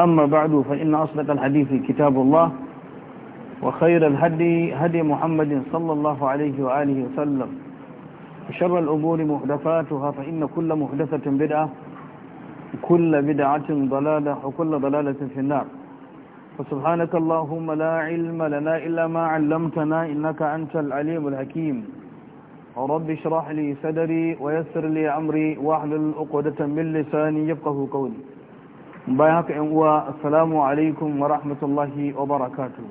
أما بعد فإن أصدق الحديث كتاب الله وخير الهدي هدي محمد صلى الله عليه وآله وسلم وشر الأمور محدثاتها فإن كل محدثة بدعة كل بدعة ضلالة وكل ضلالة في النار فسبحانك اللهم لا علم لنا إلا ما علمتنا إنك أنت العليم الحكيم ورب اشرح لي صدري ويسر لي أمري واحلل عقدة من لساني يفقه قولي bayan haka yan uwa assalamu alaikum wa rahmatullahi wa barakatu.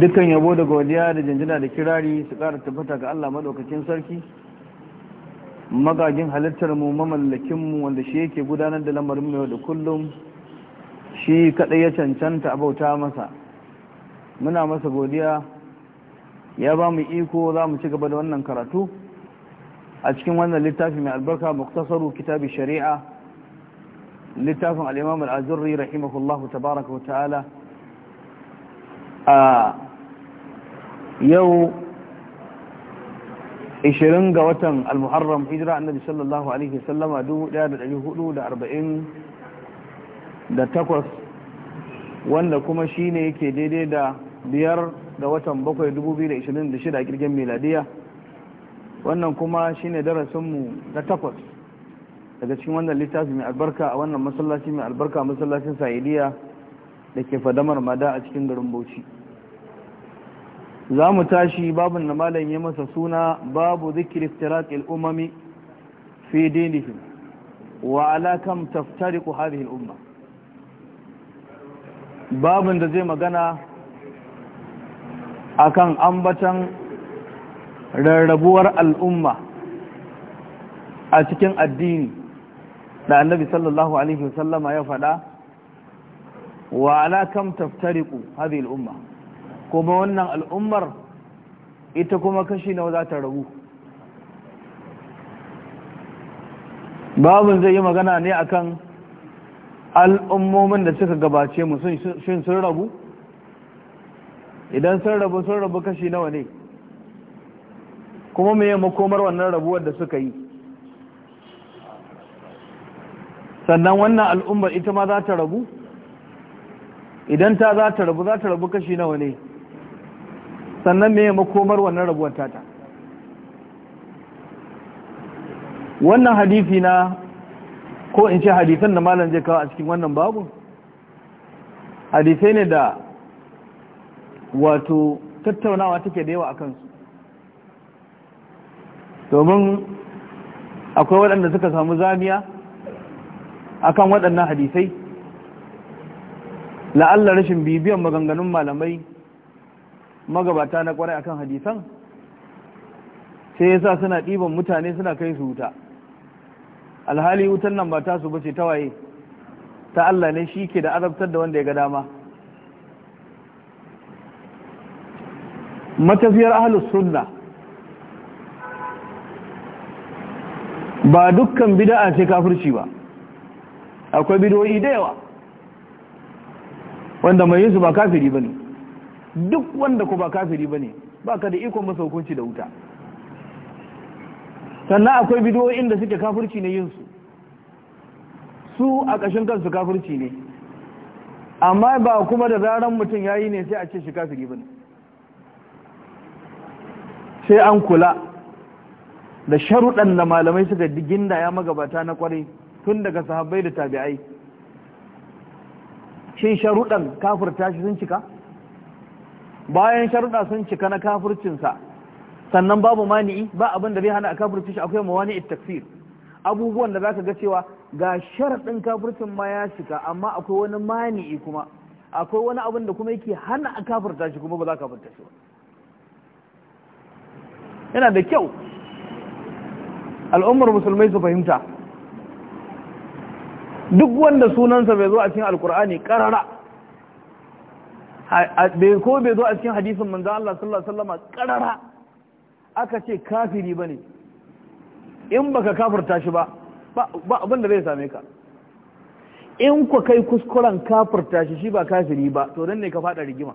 dukkan yabo da godiya da janjina da kirari su kara tabbata ga Allah madaukakin sarki magagin halittar mu mamallakin mu wanda shi yake gudanar da lamarin mu da kullum shi kadai ya cancanta abauta masa muna masa godiya ya ba mu iko za mu ci gaba da wannan karatu a cikin wannan littafin mai albarka muktasaru kitabi shari'a littafin al'imam al'azurri rahimahullahu tabaraka wa ta'ala a yau 20 ga watan al-muharram hijira annabi sallallahu alaihi wasallama 1448 wanda kuma shine yake daidai da biyar ga watan bakwai 7 2026 a kirgin meladiya wannan kuma shine darasinmu na takwas daga cikin wannan littafi mai albarka a wannan masallaci mai albarka masallacin sa'idiyya da ke fadamar mada a cikin garin bauchi za mu tashi babin da malam ya masa suna babu zikirin iftiraq al-umami fi dinihim wa ala kam taftariqu hadhihi al babin da zai magana akan ambatan rarrabuwar al'umma a cikin addini da annabi sallallahu alaihi wasallama ya faɗa wa ala kam taftariqu hadhihi al-umma kuma wannan al'ummar ita kuma kashi nawa za ta rabu babin zai yi magana ne akan al'ummomin da suka gabace mu sun sun rabu idan sun rabu sun rabu kashi nawa ne kuma me makomar wannan rabuwar da suka yi sannan wannan al'ummar ita ma za ta rabu idan ta za ta rabu za ta rabu kashi nawa ne sannan me makomar wannan rabuwar tata wannan hadifi na ko in ce hadifin da malam zai kawo a cikin wannan babu hadisai ne da wato tattaunawa take da yawa a kansu domin akwai waɗanda suka samu zamiya akan waɗannan hadisai la'alla rashin bibiyan maganganun malamai magabata na ƙwarai akan hadisan sai yasa suna ɗiban mutane suna kai su wuta alhali wutan nan ba ta ba ce ta waye ta Allah ne shi ke da azabtar da wanda ya ga dama matafiyar ahlus sunna ba dukkan bid'a ce kafirci ba akwai bidoyi da yawa wanda mai yin su ba kafiri ba ne duk wanda ku ba kafiri ba ne ba ka da ikon masa hukunci da wuta sannan akwai bidoyi da suke kafirci ne yin su su a ƙashin kansu kafirci ne amma ba kuma da zaran mutum ya yi ne sai a ce shi kafiri ba ne sai an kula da sharuɗan da malamai suka ya magabata na kwarai tun daga sahabbai da tabi'ai shin sharuɗan kafirta shi sun cika bayan sharuɗa sun cika na kafurcinsa, sannan babu mani'i ba abin da zai hana a kafirci shi akwai mawani takfir abubuwan da zaka ga cewa ga sharaɗin kafircin ma ya cika amma akwai wani mani'i kuma akwai wani abin da kuma yake hana a kafirta shi kuma ba za ka kafirta shi ba yana da kyau al'ummar musulmai su fahimta duk wanda sunansa bai zo a cikin alkur'ani karara bai ko bai zo a cikin hadisin manzan Allah sallallahu alaihi wasallam karara aka ce kafiri ba ne in baka kafirta shi ba ba da zai same ka in ku kai kuskuren kafirta shi shi ba kafiri ba to nan ne ka fada rigima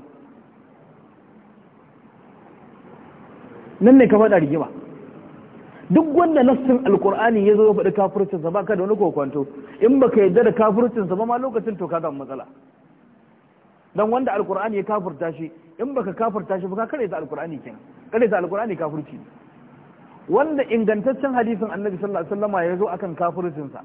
nan ne ka fada rigima duk wanda nassin alkur'ani ya zo faɗi kafircinsa ba ka da wani kokwanto in baka yadda da kafircinsa ba ma lokacin to ka ga matsala dan wanda alkur'ani ya kafirta shi in baka kafirta shi ba ka kare ta alkur'ani kin kare ta alkur'ani kafirci wanda ingantaccen hadisin annabi sallallahu alaihi wasallama ya zo akan kafircinsa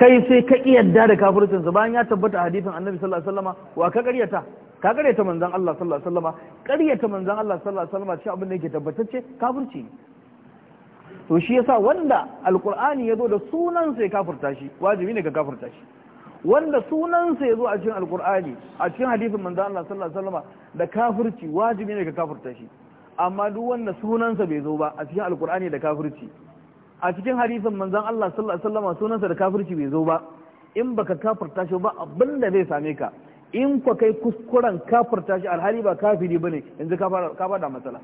kai sai ka yadda da kafircinsa bayan ya tabbata hadisin annabi sallallahu alaihi wasallama wa ka ƙaryata?" ka ta manzon Allah sallallahu alaihi wasallam karyata manzon Allah sallallahu alaihi wasallam cewa abin da yake tabbatacce kafirci ne to shi yasa wanda alqur'ani yazo da sunan sai kafirta shi wajibi ne ka kafirta shi wanda sunansa ya zo a cikin alqur'ani a cikin hadisin manzan Allah sallallahu alaihi wasallam da kafirci wajibi ne ka kafirta shi amma duk wanda sunansa bai zo ba a cikin alqur'ani da kafirci a cikin hadisin manzan Allah sallallahu alaihi wasallam sunansa da kafirci bai zo ba in baka kafirta shi ba abin da zai same ka in kwa kai kuskuren kafirta shi alhali ba kafiri ne, yanzu ka fada matsala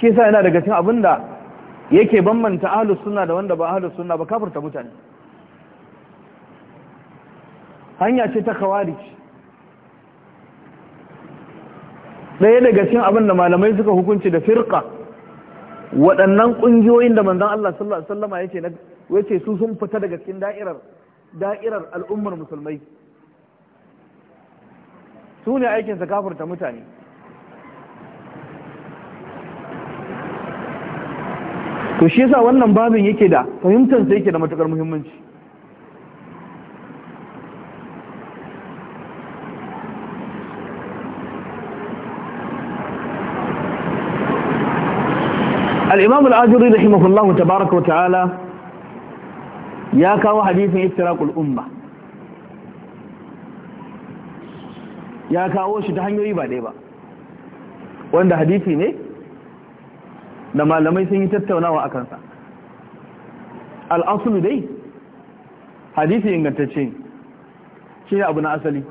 shi sa yana daga abin abinda yake bambanta ahlus suna da wanda ba ahlus suna ba kafirta mutane hanya ce ta kawari. ɗaya daga cin abin da malamai suka hukunci da firka waɗannan ƙungiyoyin da manzan Allah sallallahu alaihi wasallam su sun fita daga cikin da'irar da'irar al'ummar musulmai su ne aikinsa kafurta mutane to shi yasa wannan babin yake da fahimtarsa yake da matukar muhimmanci al'imam al'ajiri rahimahullahu tabaraka wa ta'ala ya kawo hadisin iftiraqul umma ya kawo shi ta hanyoyi ba ɗaya ba wanda hadisi ne da malamai sun yi tattaunawa a kansa al'asulu dai hadisi ingantacce shi ne abu na asali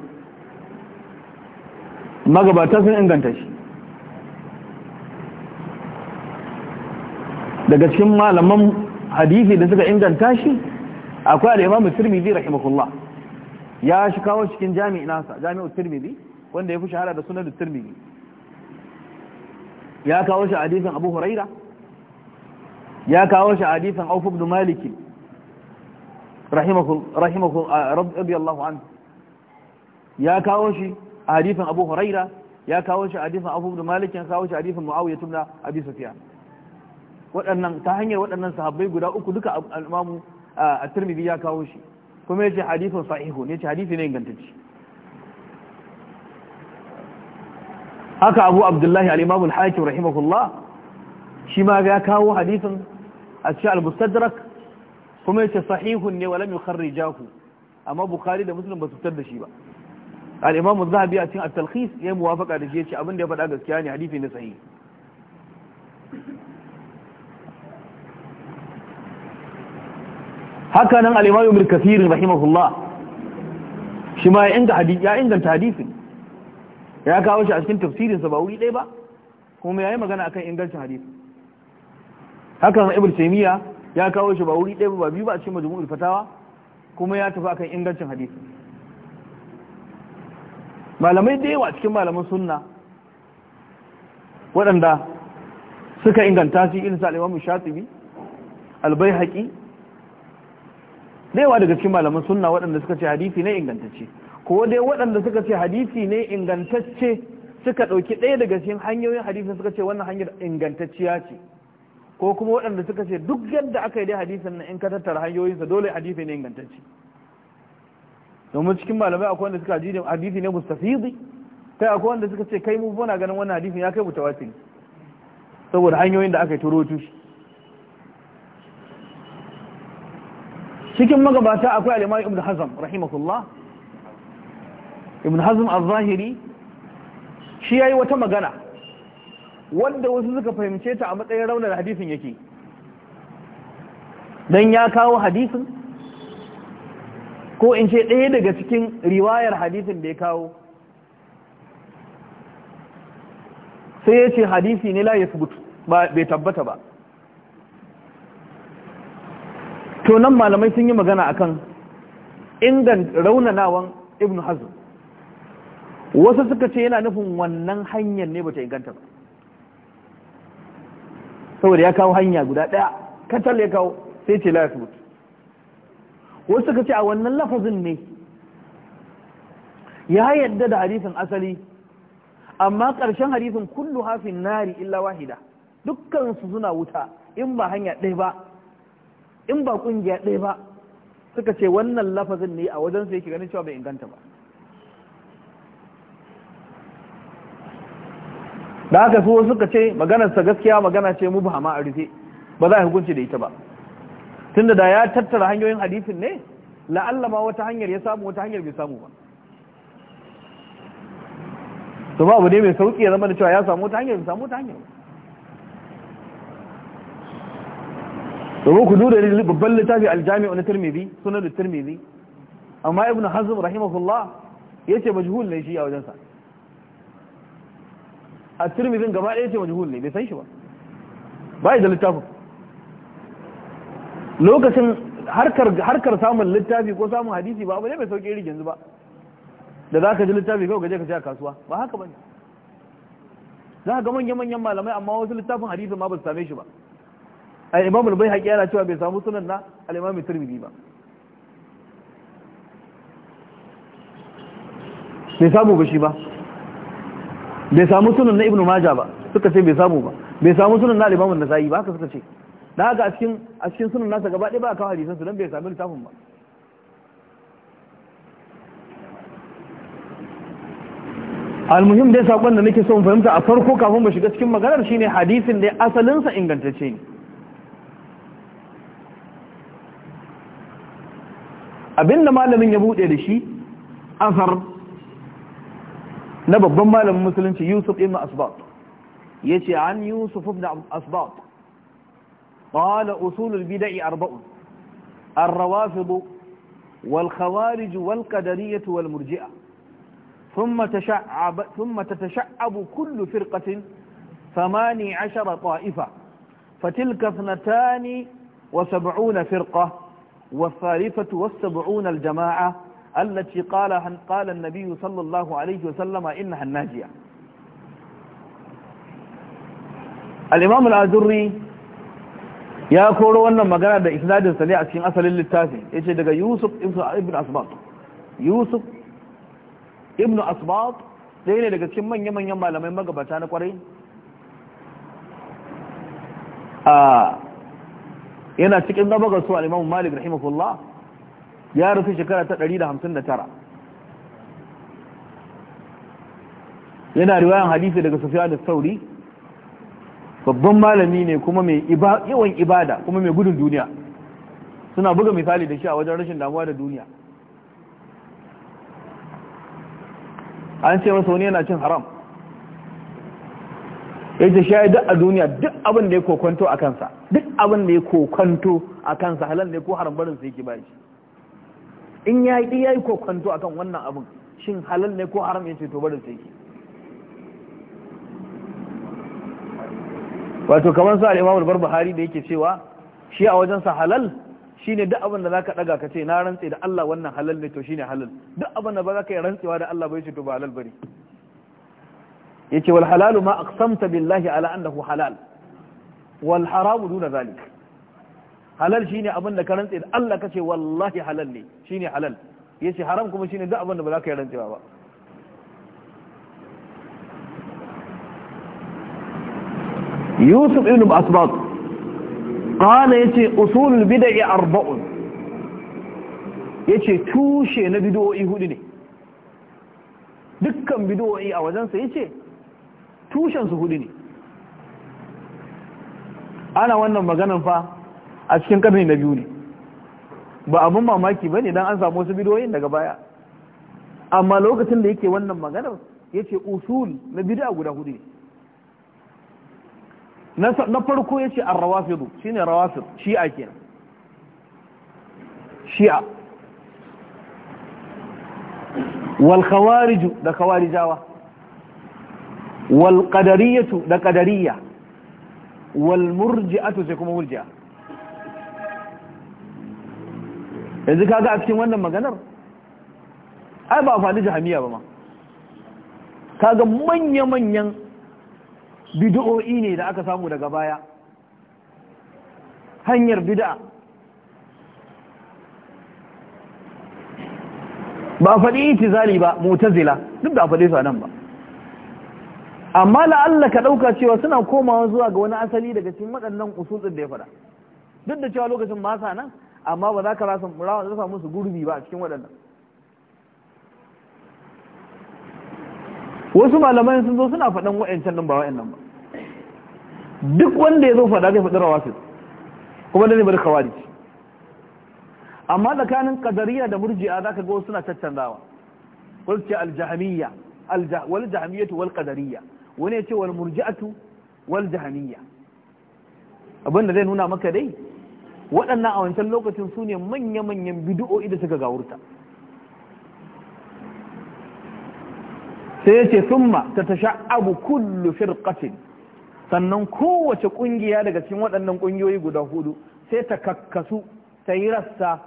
magabata sun inganta shi daga cikin malaman hadisi da suka inganta shi akwai al'imam tirmidhi rahimahullah ya shi kawo cikin jami'i nasa jami'u tirmidhi wanda ya fi shahara da sunan tirmidhi ya kawo shi hadisin abu huraira ya kawo shi hadisin auf ibn malik rahimahu rahimahu radiyallahu anhu ya kawo shi hadisin abu huraira ya kawo shi hadisin abu Maliki, ya kawo shi hadisin muawiya tun da abi sufiya waɗannan ta hanyar waɗannan sahabbai guda uku duka al a tirmidhi ya kawo shi kuma ce hadithun sahihu ne ce hadithi ne ingantacce haka abu abdullahi alimamun haikin al rahimahullah shi ma ya kawo hadithun a cikin albustadrak kuma ya ce sahihun ne walam yukharrijahu amma bukhari da musulun ba su fitar da shi ba al-imam az-zahabi a cikin at-talkhis ya muwafaqa da shi ya ce abinda ya faɗa gaskiya ne hadithi ne sahihi haka nan al mil ibn rahimahullah shi ma ya inganta ya hadisin ya kawo shi a cikin tafsirin ba wuri dai ba kuma ya yi magana akan ingancin hadisin haka nan ibn taymiya ya kawo shi ba wuri dai ba biyu ba a cikin majmu'ul fatawa kuma ya tafi akan ingancin hadisin malamai da yawa cikin malaman sunna waɗanda suka inganta shi irin sa al Shatsibi shatibi al da yawa daga cikin malaman sunna waɗanda suka ce hadisi ne ingantacce ko dai waɗanda suka ce hadisi ne ingantacce suka ɗauki ɗaya daga cikin hanyoyin hadisin suka ce wannan hanyar ingantacciya ce ko kuma waɗanda suka ce duk yadda aka yi dai hadisin nan in ka tattara hanyoyinsa dole hadisi ne ingantacce domin cikin malamai akwai wanda suka ji hadisi ne mustafizi kai akwai wanda suka ce kai mu muna ganin wannan hadisin ya kai mutawatir saboda hanyoyin da aka yi turo tushe. cikin magabata akwai alimai ibn hazm rahimahullah ibn hazm al-zahiri shi yayi wata magana wanda wasu suka fahimce ta a matsayin raunar hadisin yake dan ya kawo hadisin ko in ce ɗaya daga cikin riwayar hadisin da ya kawo sai ya ce hadisi ne la ya bai tabbata ba to nan malamai sun yi magana akan ingan raunanawan ibn hazm wasu suka ce yana nufin wannan hanyar ne bata inganta ba saboda ya kawo hanya guda ɗaya katal ya kawo sai ce la yasbut wasu suka ce a wannan lafazin ne ya yadda da hadisin asali amma ƙarshen hadisin kullu hafin nari illa wahida dukkan su suna wuta in ba hanya ɗaya ba in ba kungiya ɗaya ba suka ce wannan lafazin ne a wajen su yake ganin cewa bai inganta ba da aka su suka ce maganarsa gaskiya magana ce mu ba a rufe ba za a hukunci da ita ba tunda da ya tattara hanyoyin hadisin ne la'allama wata hanyar ya samu wata hanyar bai samu ba to ba abu ne mai sauki ya zama da cewa ya samu wata hanyar bai samu wata hanyar ba domin ku duba babban littafi aljami'u na tirmidhi sunan da tirmidhi amma ibn hazm rahimahullah yace majhul ne shi a wajensa a tirmidhin gaba ɗaya yace majhul ne bai san shi ba bai da littafin lokacin harkar samun littafi ko samun hadisi ba abu ne mai sauƙi irin yanzu ba da za ka ji littafi kawai gaje ka je a kasuwa ba haka ba ne za ka ga manya-manyan malamai amma wasu littafin hadisi ma ba su same shi ba imam imamul bai haƙi yana cewa bai samu sunan na Alimami turmidi ba bai samu ba shi ba bai samu sunan na ibn maja ba suka ce bai samu ba bai samu sunan na al'imamin nasa'i ba haka suka ce da haka a cikin sunan nasa gaba ɗaya ba a kawo su don bai sami littafin ba almuhim dai sakon da nake son fahimta a farko kafin ba shiga cikin maganar shine hadisin da asalinsa ingantacce ne abinda malamin ya bude da shi azar na babban malamin musulunci yusuf ibn asbat yace an yusuf ibn asbat qala usul al-bida'i arba'un ar-rawafid wal khawarij wal qadariyyah wal murji'ah ثم تشعب ثم تتشعب كل فرقة ثماني عشر طائفة فتلك اثنتان وسبعون فرقة والثالثة والسبعون الجماعة التي قال قال النبي صلى الله عليه وسلم إنها الناجية الإمام الآزري ya koro wannan magana da isnadin sa ne a cikin asalin littafi yace daga Yusuf ibn Asbat Yusuf ibn Asbat dai ne daga cikin manyan manyan malamai magabata na kwarai yana cikin gabagar su al-Imam Malik rahimahullah ya rufe shekara ta 159 yana riwayan hadisi daga Sufyan al-Thawri babban malami ne kuma mai yawan ibada kuma mai gudun duniya suna buga misali da shi a wajen rashin damuwa da duniya an ce masa wani yana cin haram ya ce shi duk a duniya duk abin da ya kokwanto a kansa duk abin da ya kokwanto a kansa halal ne ko haram barin sai yake ba shi in ya yi ya yi kokwanto akan wannan abin shin halal ne ko haram ya ce to barin sai yake wato kamar sa al-Imam al-Barbahari da yake cewa shi a wajen sa halal shine duk abin da zaka daga ce na rantse da Allah wannan halal ne to shine halal duk abin da ba zaka yi rantsewa da Allah ba ce to ba halal bari yace wal halalu ma aqsamta billahi ala annahu halal wal haramu duna zalik halal shine abin da ka rantse da Allah kace wallahi halal ne shine halal yace haram kuma shine duk abin da ba za ka yi rantsewa ba Yusuf ibn Asbat qala yace usulul bid'i arba'un yace tushe na bid'o'i hudu ne dukkan bid'o'i a wajensa yace tushen su hudu ne ana wannan maganan fa a cikin karni na biyu ne ba abin mamaki ba ne don an samu wasu bidoyin daga baya amma lokacin da yake wannan maganar ya ce usul na a guda hudu ne na farko ya ce an rawafidu shi ne rawafid shi'a kenan shi'a wal da kawarijawa Walƙadariyatu da ƙadariya, wal sai kuma murji'a yanzu kaga a cikin wannan maganar ai ba a faɗi jahamiya ba ma kaga manya-manyan bid'o'i ne da aka samu daga baya hanyar bid'a ba a faɗi itizali ba mutazila duk da a faɗe su a nan ba amma la'alla ka ɗauka cewa suna komawa zuwa ga wani asali daga cikin waɗannan usulun da ya faɗa duk da cewa lokacin ba sa nan amma ba za ka rasa da samu su gurbi ba a cikin waɗannan wasu malamai sun zo suna faɗan wa'ancan nan ba wa'annan ba duk wanda ya zo faɗa zai faɗi rawasil kuma da ne bari kawari amma tsakanin kadariya da murji'a za ka ga suna caccanzawa wasu ce aljahamiyya wal jahamiyatu wal qadariyya wani ya ce wal murji'atu wal abinda abin zai nuna maka dai waɗannan a wancan lokacin su ne manya-manyan bidu'o'i da suka gawurta sai ya ce summa ta tasha abu kullu firqatin sannan kowace ƙungiya daga cikin waɗannan ƙungiyoyi guda hudu sai ta kakkasu ta yi rasta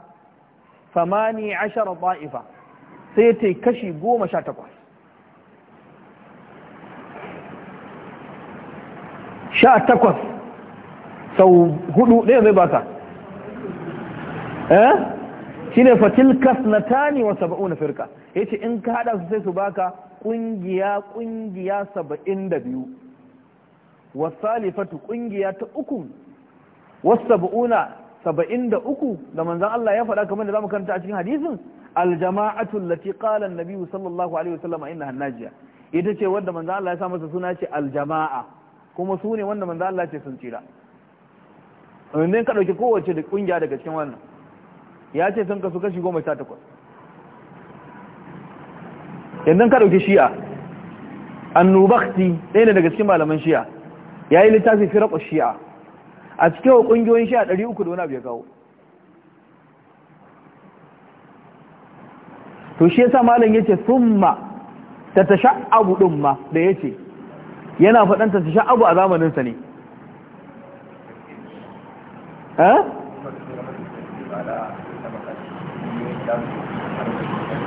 samani ashara ba'ifa sai ta kashi goma sha takwas sha takwas sau hudu ɗaya zai baka eh shi ne fatilkas na tani wa saba'u na firka ya ce in ka haɗa su sai su baka ƙungiya ƙungiya saba'in da biyu wasalifatu ƙungiya ta uku wasu na saba'in da uku da manzan Allah ya faɗa kamar da zamu karanta a cikin hadisin aljama'atu lati qala an-nabi sallallahu alaihi wasallam inna hannajiya ita ce wadda manzan Allah ya sa masa suna ce aljama'a kuma su ne wanda manzo Allah ce sun tsira in ka dauki kowace da kungiya daga cikin wannan ya ce sun kasu kashi 18 yanzu ka dauki shi'a annubakti ɗaya ne daga cikin malaman shi'a yi littafi firaqu shi'a a cikin kungiyoyin shi'a 300 da wani abu ya kawo to shi ya sa malam ya sun summa ta tasha'abu ɗin ma da ya ce. yana faɗanta su sha'abu a zamaninsa ne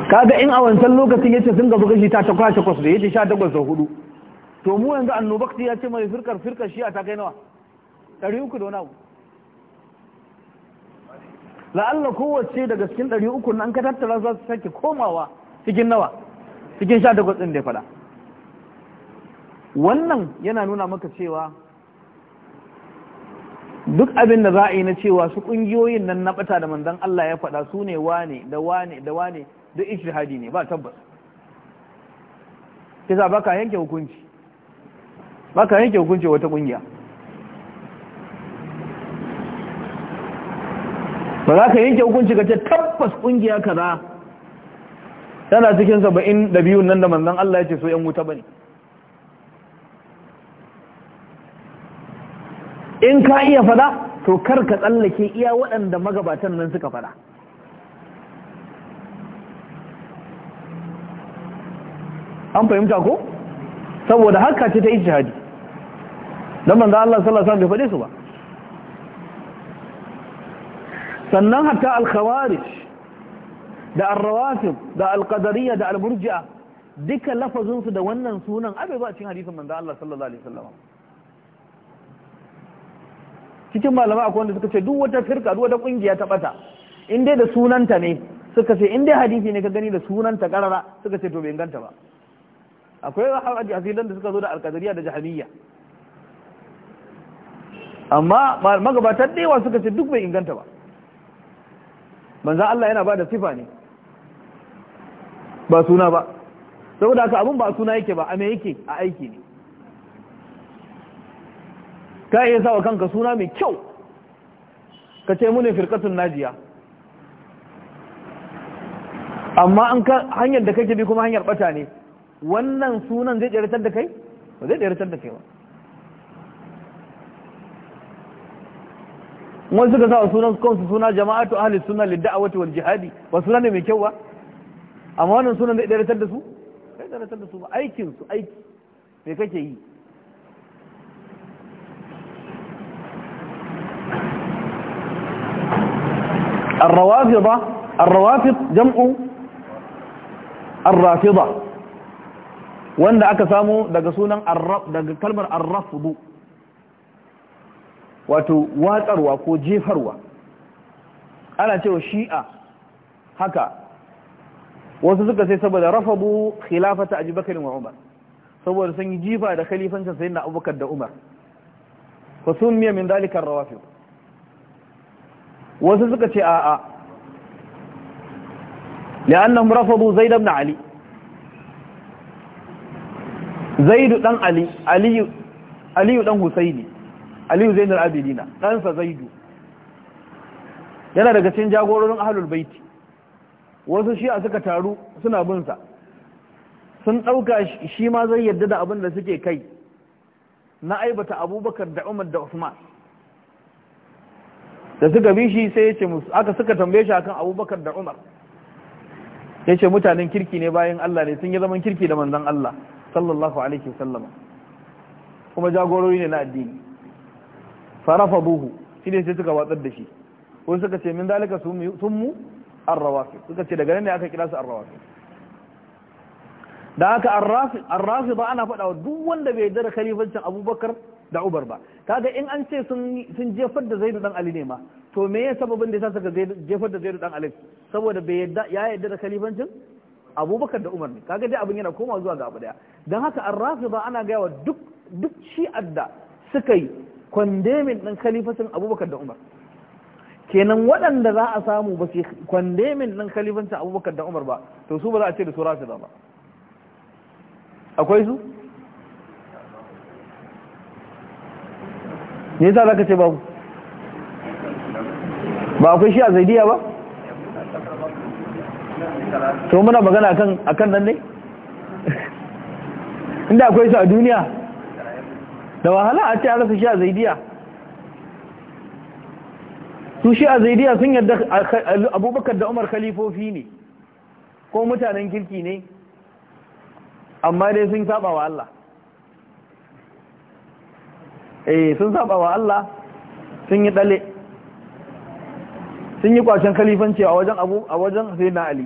kaga in a wancan lokacin yace sun gaba gashi ta takwas takwas da yace sha takwas da hudu to mu yanzu annobakti ya ce mai firkar firkar shi a ta kai nawa ɗari uku da wani abu la'alla kowace daga cikin ɗari uku nan ka tattara za su sake komawa cikin nawa cikin sha takwas ɗin da ya faɗa wannan yana nuna maka cewa duk abin da za a yi na cewa su ƙungiyoyin nan na ɓata da manzan Allah ya faɗa su ne wane da wane da wane da ishihadi ne ba tabbas kisa baka yanke hukunci baka yanke hukunci wata ƙungiya ba za ka yanke hukunci ka ce tabbas ƙungiya kaza tana cikin saba'in da biyun nan da manzan Allah ya ce so ‘yan wuta ba ne’ in ka iya fada to kar ka tsallake iya waɗanda magabatan nan suka fada an fahimta ko saboda haka ce ta ijtihadi don manzan Allah sallallahu alaihi wasallam bai fade su ba sannan hatta al-khawarij da ar-rawafid da al-qadariyya da al-murji'a duka lafazin su da wannan sunan abai ba cikin hadisin manzan Allah sallallahu alaihi wasallam cikin malama akwai wanda suka ce duk wata firka duk wata kungiya ta bata in dai da sunanta ne suka ce in dai hadisi ne ka gani da sunanta karara suka ce to bai inganta ba akwai hasidan da suka zo da alkadariya da jahamiyya amma magabatan dewa suka ce duk bai inganta ba manzo Allah yana ba da sifa ne ba suna ba saboda haka abun ba suna yake ba a me yake a aiki ne ka iya sa wa kanka suna mai kyau ka ce mune firkatun najiya amma an ka hanyar da kake bi kuma hanyar bata ne wannan sunan zai tsirtar da kai ba zai tsirtar da kai ba wani suka sa wa sunan kansu suna jama'atu ahli sunna a wal jihadi ba suna ne mai kyau ba amma wannan sunan zai tsirtar da su zai tsirtar da su ba aikinsu aiki mai kake yi الروافضة الروافض جمع الرافضة wanda aka samo daga sunan daga kalmar arrafudu wato watsarwa ko jefarwa ana cewa shi'a haka wasu suka sai saboda rafadu khilafata abubakar da umar saboda sun yi jifa da khalifancin sayyidina abubakar da umar fa miya min dalika ar-rawafid wasu suka ce a'a li'annahum rafadu zaid ibn ali zaid dan ali ali ali dan husaini ali zaid al-abidina dan sa yana daga cikin jagororin ahlul baiti. wasu shi'a suka taru suna bin sa sun ɗauka shi ma zai yarda da abin da suke kai na aibata abubakar da umar da usman da suka bi shi sai ya ce musu aka suka tambaye shi akan abubakar da umar ya ce mutanen kirki ne bayan Allah ne sun yi zaman kirki da manzan Allah sallallahu alaihi sallama kuma jagorori ne na addini farafa buhu shi ne sai suka watsar da shi wani suka ce min dalika sun mu arrawafi suka ce daga nan ne aka kira su arrawafi da aka arrafi ba ana faɗa duk wanda bai yarda da khalifancin abubakar da Umar ba kaga in an ce sun sun jefar da Zaid dan Ali ne ma to me ya sababin da yasa suka jefar da Zaid dan Ali saboda bai yadda ya yadda da khalifancin Abubakar da Umar ne kaga dai abin yana komawa zuwa ga abu daya dan haka ar-rafida ana ga wa duk duk shi da suka yi kwandemin din khalifancin Abubakar da Umar kenan waɗanda za a samu ba su kwandemin ɗin kalifancin abubakar da umar ba to su ba za a ce da su rafida ba akwai su ne za ka ce babu ba akwai shi a zaidiya ba to muna magana akan akan nan ne inda akwai su a duniya da wahala a ce arasa rasa shi a zaidiya su shi a zaidiya sun yadda abubakar da umar khalifofi ne ko mutanen kirki ne amma dai sun saba wa Allah eh sun saba wa Allah sun yi dale sun yi kwacen kalifanci a wajen abu a wajen sai na ali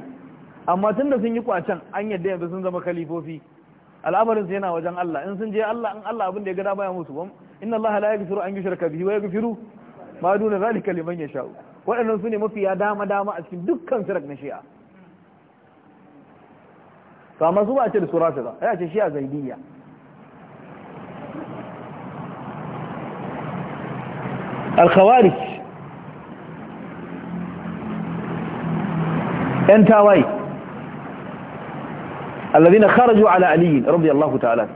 amma tun da sun yi kwacen an yadda yanzu sun zama kalifofi al'amarin su yana wajen Allah in sun je Allah in Allah abin da ya gada baya musu bam inna Allah la yaghfiru an yushraka bihi wa yaghfiru ma duna zalika liman yasha waɗannan su ne mafiya dama dama a cikin dukkan sirak na shi'a to amma su ba ce da su ba, ya ce shi'a zaidiyya alkhawarij yan tawaye allazina kharaju ala ali radiyallahu ta'ala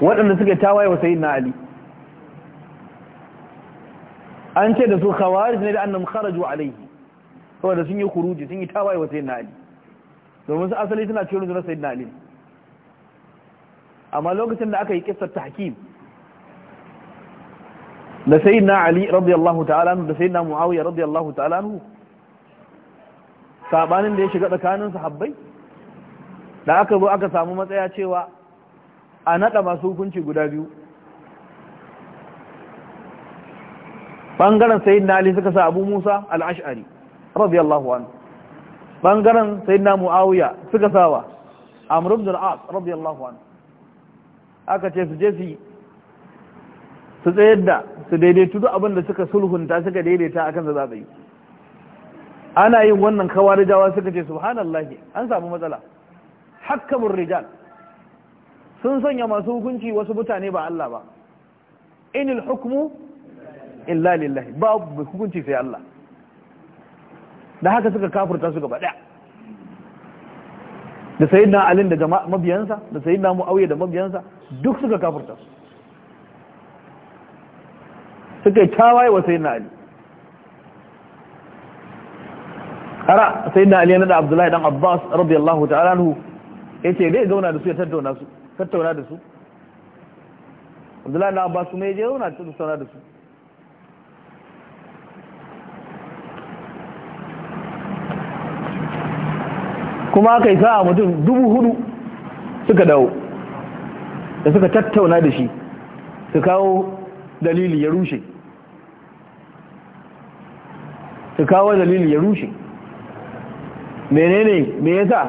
waɗanda suka tawaye wa sayyidina ali an ce da su khawarij ne da annam kharaju alaihi saboda sun yi kuruji sun yi tawaye wa sayyidina ali domin su asali suna cikin rundunar sayyidina ali amma lokacin da aka yi kissar tahkim da na ali radiyallahu ta'ala da na muawiya radiyallahu ta'ala sabanin da ya shiga tsakanin sahabbai da aka zo aka samu matsaya cewa a nada masu hukunci guda biyu bangaren na ali suka sa abu musa al-ash'ari radiyallahu anhu bangaren na muawiya suka sawa amr ibn al-as radiyallahu anhu aka ce su je su su tsayar da su daidaitu duk abin da suka sulhunta suka daidaita akan zaza zaɓe ana yin wannan kawarijawa suka ce subhanallah an samu matsala hakkamun rijal sun sanya masu hukunci wasu mutane ba Allah ba inil hukmu illa lillahi ba hukunci sai Allah da haka suka kafurta su gaba daya da sayyidina alin da mabiyansa da sayyidina muawiya da mabiyansa duk suka kafurta su suka yi tawaye wa sayyidina ali ara sayyidina ali yana da abdullahi dan abbas radiyallahu ta'ala anhu yace dai zauna da su ya tattauna su tattauna da su abdullahi na abbas kuma je zauna da tattauna da su kuma aka yi sa'a mutum dubu hudu suka dawo da suka tattauna da shi su kawo dalili ya rushe su kawo dalili ya rushe menene me yasa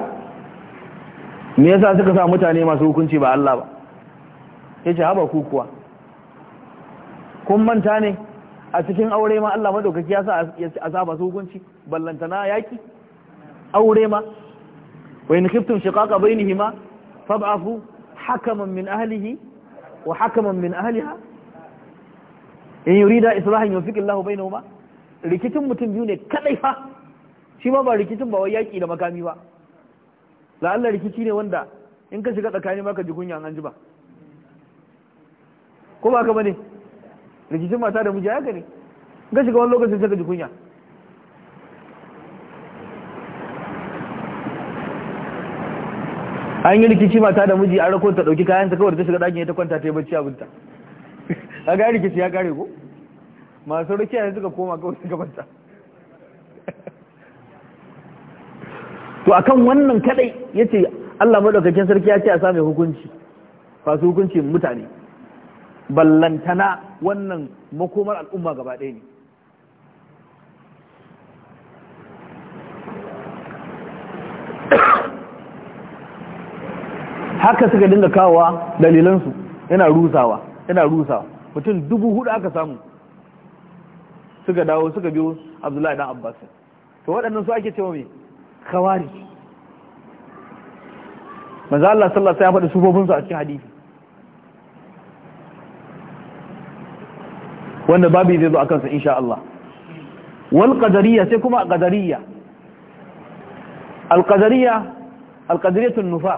me yasa suka sa mutane masu hukunci ba Allah ba yace haba ku kuwa kun manta ne a cikin aure ma Allah madaukaki ya sa a sa su hukunci ballantana yaki aure ma wa in khiftum shiqaqa bainihima fab'afu hakaman min ahlihi wa hakaman min ahliha in yurida islahan yufiq Allah bainahuma rikicin mutum biyu ne kadai fa shi ma ba rikicin ba wai yaki da makami ba Allah rikici ne wanda in ka shiga tsakani ma ka ji kunya an ji ba ko ba ka bane rikicin mata da miji haka ne in ka shiga wani lokacin sai ka ji kunya an yi rikici mata da miji an rako ta dauki kayan ta kawai ta shiga ɗakin ya ta kwanta ta yi bacci abinta a ga rikici ya kare ko masu rikiya suka koma kawai suka banta to akan wannan kadai yace Allah madaukakin sarki ya ce a same hukunci fasu hukunci mutane ballantana wannan makomar al'umma gaba ɗaya ne haka suka dinga kawowa dalilansu yana rusawa yana rusawa mutum dubu hudu aka samu suka dawo suka biyo abdullahi dan abbas to waɗannan su ake cewa me kawari manzo Allah sallallahu alaihi wasallam ya faɗi sufofin su a cikin hadisi wanda babu zai zo akan sa insha Allah wal qadariyya sai kuma qadariyya al qadariyya al qadariyatun nufa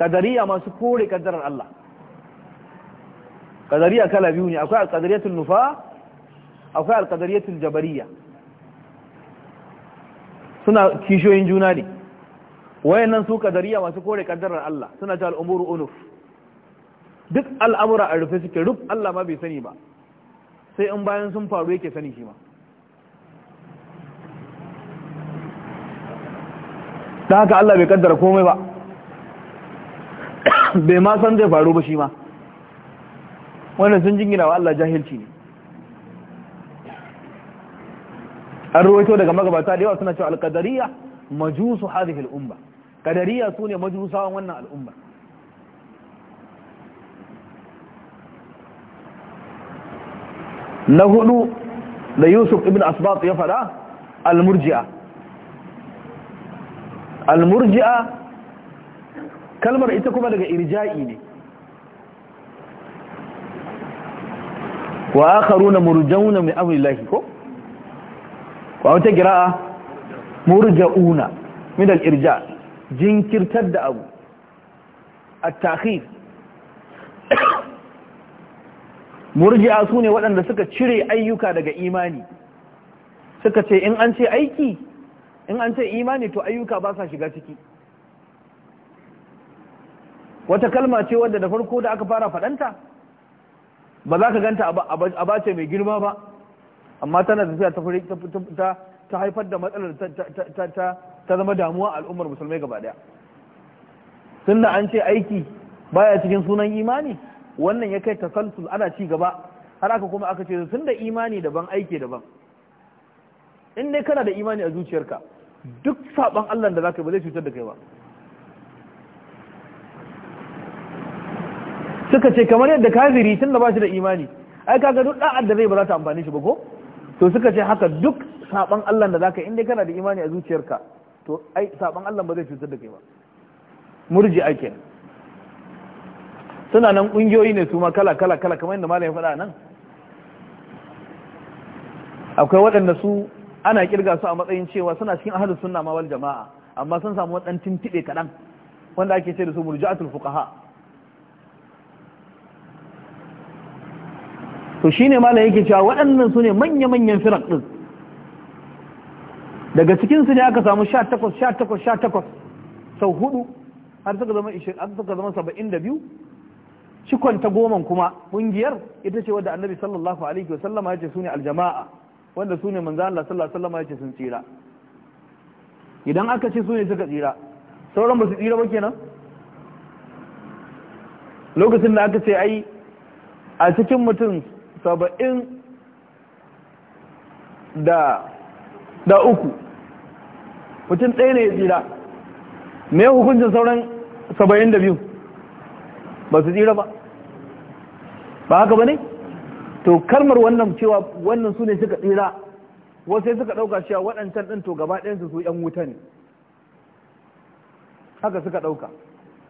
qadariyya masu kore kaddarar Allah qadariyya kala biyu ne akwai al qadariyatul nufa akwai alkadariyatul jabariya suna kishiyoyin juna ne wayannan su kadariya masu kore kaddarar Allah suna ta al'umuru unuf duk al'amura a rufe suke ruf Allah ma bai sani ba sai in bayan sun faru yake sani shi ma ta haka Allah bai kaddara komai ba bai ma san zai faru ba shi ma wannan sun jingina wa Allah jahilci ne an ruwaito daga magabata da yawa suna cewa alkadariya majusu hadhihi al-umma kadariya sune majusawan wannan al'umma na hudu da yusuf ibn asbat ya fada almurji'a kalmar ita kuma daga irja'i ne wa akharuna murjauna min amri ko wa wata kira'a murja'una min al-irja jinkirtar da abu at-ta'khir murji'a sune waɗanda suka cire ayyuka daga imani suka ce in an ce aiki in an ce imani to ayyuka ba sa shiga ciki wata kalma ce wadda da farko da aka fara faɗanta ba za ka ganta a bace mai girma ba amma tana tafiya ta ta haifar da matsalar ta zama damuwa al'ummar musulmai gaba daya da an ce aiki baya cikin sunan imani wannan ya kai tasalsul ana ci gaba har aka kuma aka ce da imani daban aiki daban in dai kana da imani a zuciyarka duk saban Allah da zaka ba zai cutar da kai ba suka ce kamar yadda kafiri da ba shi da imani ai kaga duk da'ar da zai ba za ta amfani shi ba ko to suka ce haka duk saban Allah da zaka inda kana da imani a zuciyarka to ai saban Allah ba zai cutar da kai ba murji ake suna nan kungiyoyi ne su ma kala kala kala kamar yadda malam ya faɗa nan akwai waɗanda su ana kirga su a matsayin cewa suna cikin ahlus sunna ma wal jama'a amma sun samu wadan tintide kaɗan wanda ake ce da su murji'atul fuqaha to ne malam yake cewa waɗannan su ne manya-manyan firak ɗin daga cikinsu ne aka samu 18 18 18 sau hudu har suka zama 20 har suka zama 72 cikon ta goman kuma ƙungiyar ita ce wadda annabi sallallahu alaihi wasallama ya ce su ne aljama'a wanda su ne manzan Allah sallallahu alaihi wasallama ya ce sun tsira idan aka ce su ne suka tsira sauran ba su tsira ba kenan lokacin da aka ce ai a cikin mutum saba'in da da uku mutum ɗaya ne ya tsira me hukuncin sauran saba'in da biyu ba su tsira ba ba haka ba ne to kalmar wannan cewa wannan su ne suka tsira wasu sai suka ɗauka cewa waɗancan ɗin to gaba ɗayansu su ‘yan wuta ne haka suka ɗauka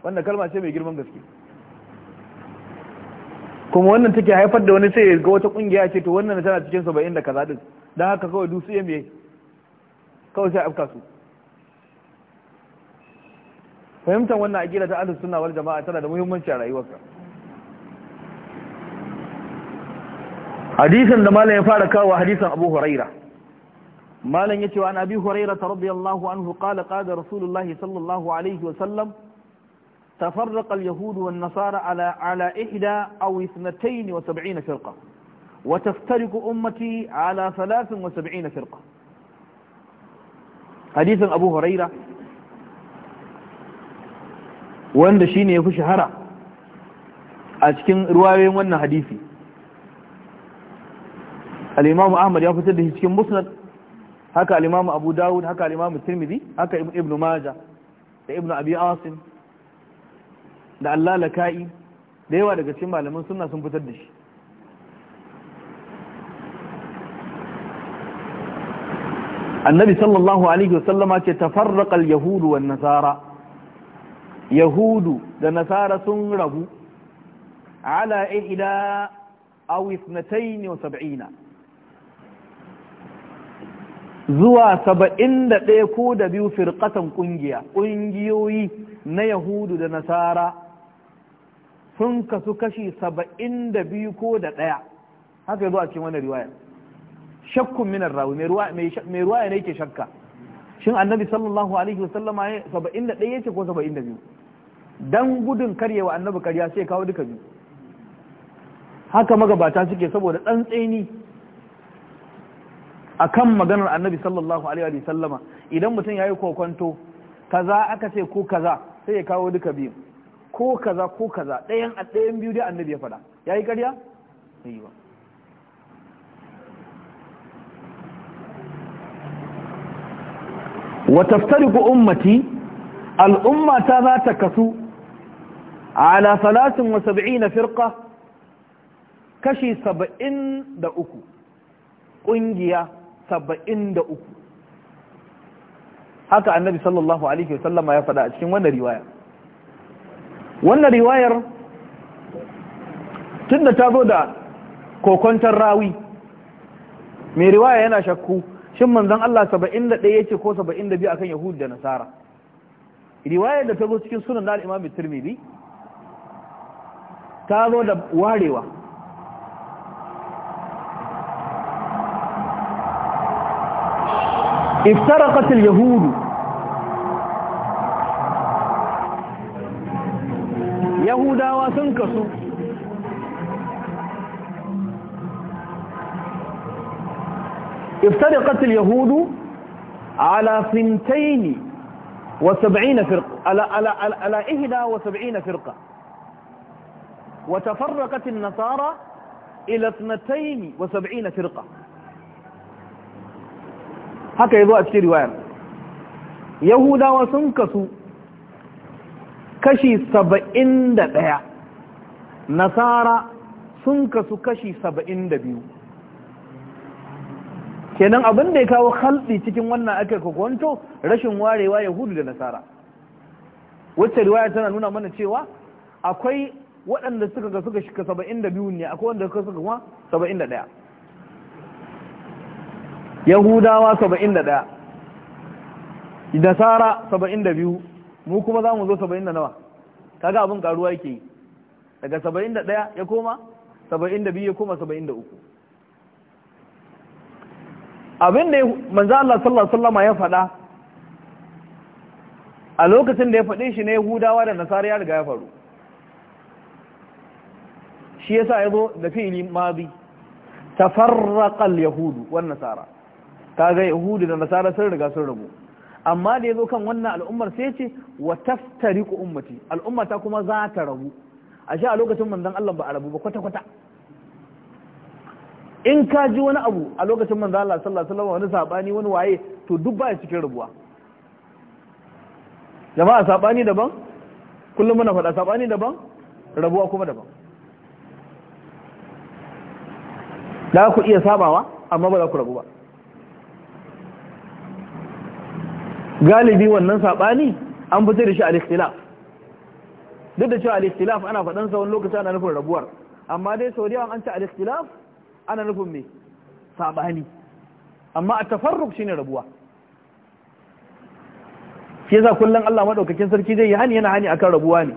wannan kalma ce mai girman gaske kuma wannan take haifar da wani sai ya ga wata kungiya ce to wannan tana cikin saba'in da kaza din don haka kawai dusu ya mai kawai sai afka su fahimtar wannan aƙila ta alis suna wal jama'a tana da muhimmanci a rayuwarka hadisin da malam ya fara kawo hadisin Abu Huraira malam ce wa an Abi Huraira ta yallahu anhu kala qala rasulullahi sallallahu alaihi wa sallam تفرق اليهود والنصارى على على إحدى أو اثنتين وسبعين فرقة وتفترق أمتي على ثلاث وسبعين فرقة حديث أبو هريرة وأن الشين يخش هرع أشكين رواية وأن حديثي الإمام أحمد يفتد أشكين مسند هكا الإمام أبو داود هكا الإمام الترمذي هكا ابن ماجة ابن أبي عاصم da Allah laka'i da yawa daga cikin malamin suna sun fitar da shi annabi sallallahu alaihi wasallama ce tafarraqal yahudu wan nasara yahudu da nasara sun rabu ala ila aw 72 zuwa 71 ko da biyu firqatan kungiya kungiyoyi na yahudu da nasara sun kasu kashi saba'in da biyu ko da ɗaya haka ya zuwa a cikin wannan riwaya shakkun minar rawi mai ruwaya ne yake shakka shin annabi sallallahu alaihi wasallama ya saba'in da ɗaya yake ko saba'in da biyu dan gudun karyewa annabi karya sai kawo duka biyu haka magabata suke saboda ɗan tsaini a kan maganar annabi sallallahu alaihi wasallama idan mutum ya yi kokonto kaza aka ce ko kaza sai ya kawo duka biyu ko kaza ko kaza ɗayan a ɗayan biyu dai annabi ya faɗa ya yi ƙarya? yi ba wataftariku ummati al'ummata za ta kasu ala salatin wa na firka kashi saba'in da uku ƙungiya saba'in da uku haka annabi sallallahu alaihi wasallama ya faɗa a cikin wannan riwaya wannan riwayar tun da ta zo da kokontar rawi mai riwaya yana shakku shin manzan Allah 71 ya ce ko 72 akan yahudu da nasara riwayar da ta zo cikin sunan na al'imam turmidi ta zo da warewa iftara ƙasar yahudu yahudawa sun kasu افترقت اليهود على ثنتين وسبعين فرقة على, على, على, على إهدى وسبعين فرقة وتفرقت النصارى إلى اثنتين وسبعين فرقة هكذا يضوء في رواية يهودا وسنكسوا kashi saba'in da ɗaya nasara sun kasu kashi saba'in da biyu kenan abin da ya kawo halɗi cikin wannan aka kokonto rashin warewa yahudu da nasara wacce riwaya tana nuna mana cewa akwai waɗanda suka ga suka shika saba'in da biyu ne akwai wanda suka suka kuma saba'in da ɗaya yahudawa saba'in da ɗaya nasara saba'in da biyu mu kuma za mu zo saba'in da nawa kaga abin karuwa yake yi daga saba'in da ɗaya ya koma saba'in da biyu ya koma saba'in da uku abin da manzo Allah sallallahu alaihi ya faɗa a lokacin da ya faɗe shi ne Yahudawa da Nasara ya riga ya faru shi yasa ya zo da fi'ili madi tafarraqa al-yahud wan nasara kaga yahudu da nasara sun riga sun rabu amma da ya zo kan wannan al'ummar sai ce wa taftariku ummati al'umma ta kuma za ta rabu a sha a lokacin manzon Allah ba a rabu ba kwata kwata in ka ji wani abu a lokacin manzon Allah sallallahu alaihi wasallam wani sabani wani waye to duk baya cikin rabuwa jama'a sabani daban kullum muna faɗa sabani daban rabuwa kuma daban da ku iya sabawa amma ba za ku rabu ba galibi wannan saɓani an fitar da shi al-ikhtilaf duk da cewa al-ikhtilaf ana faɗan sa wani lokaci ana nufin rabuwar amma dai sau da an ci al-ikhtilaf ana nufin me saɓani amma a tafarruk shine rabuwa shi yasa kullum Allah madaukakin sarki zai yi hani yana hani akan rabuwa ne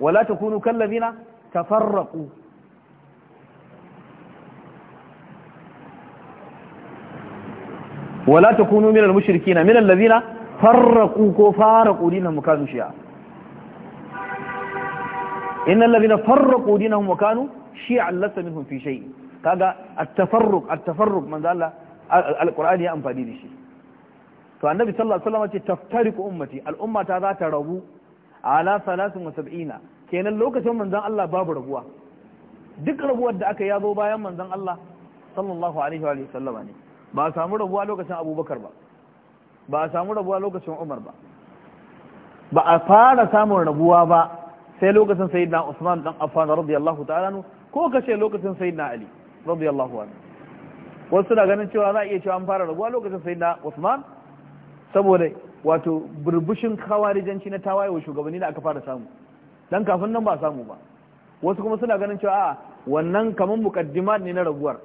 wala takunu kallazina tafarraqu wala takunu minal mushrikina minal ladina farraku ko faraku dinahum kanu shi'a innal ladina farraku dinahum kanu shi'a lasta minhum fi shay kaga at-tafarruq at-tafarruq manzo Allah al-qur'ani ya amfani da shi to annabi sallallahu alaihi wasallam ce taftariku ummati al-umma ta za ta rabu ala 73 kenan lokacin manzon Allah babu rabuwa duk rabuwar da aka yazo bayan manzon Allah sallallahu alaihi wa sallama ne ba samu rabuwa lokacin Abubakar ba ba a samu rabuwa lokacin umar ba ba a fara samun rabuwa ba sai lokacin na usman dan affan radiyallahu ta'ala ko kace lokacin na ali radiyallahu anhu wasu suna ganin cewa za a iya cewa an fara rabuwa lokacin na usman saboda wato burbushin kawarijanci na tawayewa shugabanni da aka fara samu dan kafin nan ba samu ba wasu kuma suna ganin cewa a wannan kaman mukaddima ne na rabuwar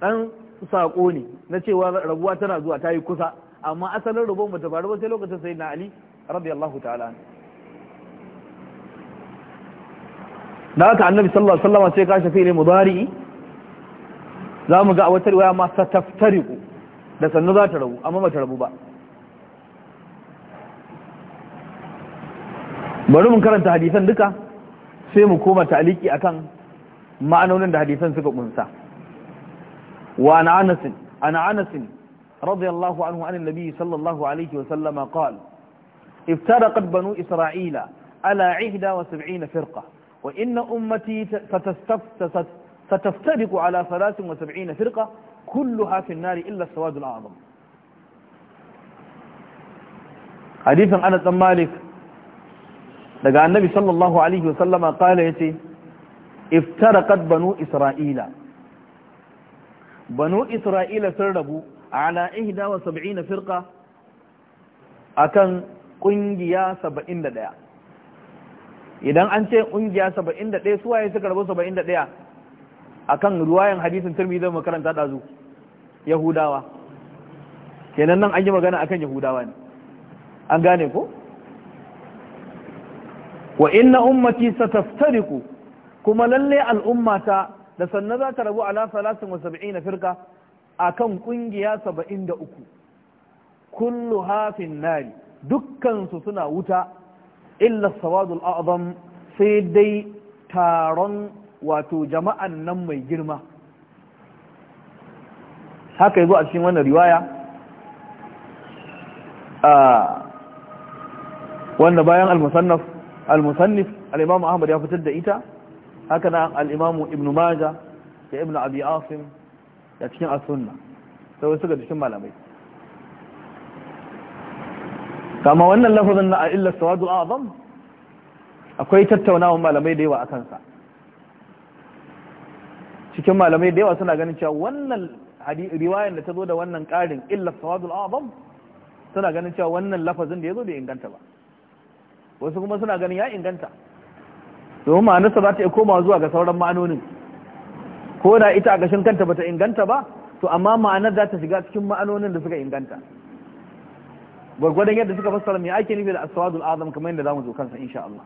dan sako ne na cewa rabuwa tana zuwa ta yi kusa amma asalin rubon bata faru ba sai lokacin na ali radiyallahu ta'ala da aka annabi sallallahu alaihi wasallam sai ka shafi ne mudari za mu ga a wata riwaya ma taftariku. da sannu za ta rabu amma ba ta rabu ba bari mun karanta hadisan duka sai mu koma ta'aliki akan ma'anonin da hadisan suka kunsa wa ana anas ana anas رضي الله عنه عن النبي صلى الله عليه وسلم قال افترقت بنو إسرائيل على عهد وسبعين فرقة وإن أمتي ستفترق على ثلاث وسبعين فرقة كلها في النار إلا السواد الأعظم حديث عن بن مالك لقى النبي صلى الله عليه وسلم قال يتي افترقت بنو إسرائيل بنو إسرائيل sun ala ihda wa sab'ina firqa akan kungiya 71 idan an ce kungiya 71 suwaye suka rabu 71 akan ruwayan hadisin tirmidhi da makaranta dazu yahudawa kenan nan an yi magana akan yahudawa ne an gane ko wa inna ummati sataftariku kuma lalle al'ummata da sanna za ta rabu ala 73 firqa akan kungiya saba'in da uku kullu hafin nari dukkansu suna wuta illa sawadul a'zam sai dai taron wato jama'an nan mai girma haka yazo a cikin wannan riwaya wanda bayan al-musannaf al-musannif al-imam ahmad ya fitar da ita haka na al-imam ibn majah da ibn abi asim da cikin asunna sai wasu ga cikin malamai kama wannan lafazin na a'illar sawadu azam akwai tattaunawan malamai da yawa a kansa cikin malamai da yawa suna ganin cewa wannan riwayar da ta zo da wannan ƙarin illa sawadul azam suna ganin cewa wannan lafazin da ya zo bai inganta ba wasu kuma suna ganin ya inganta domin ma'anarsa za ta iya koma zuwa ga sauran ma'anonin ko da ita a gashin kanta bata inganta ba to amma ma'anar za ta shiga cikin ma'anonin da suka inganta gwargwadon yadda suka fassara mai ake nufi da aswadul azam kamar yadda zamu zo kansa insha Allah